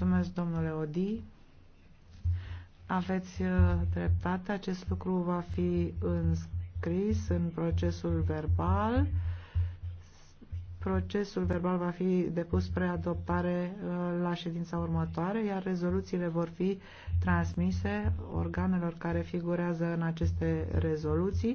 Mulțumesc, domnule Odi. Aveți uh, dreptate, acest lucru va fi înscris în procesul verbal. Procesul verbal va fi depus spre adoptare uh, la ședința următoare, iar rezoluțiile vor fi transmise organelor care figurează în aceste rezoluții.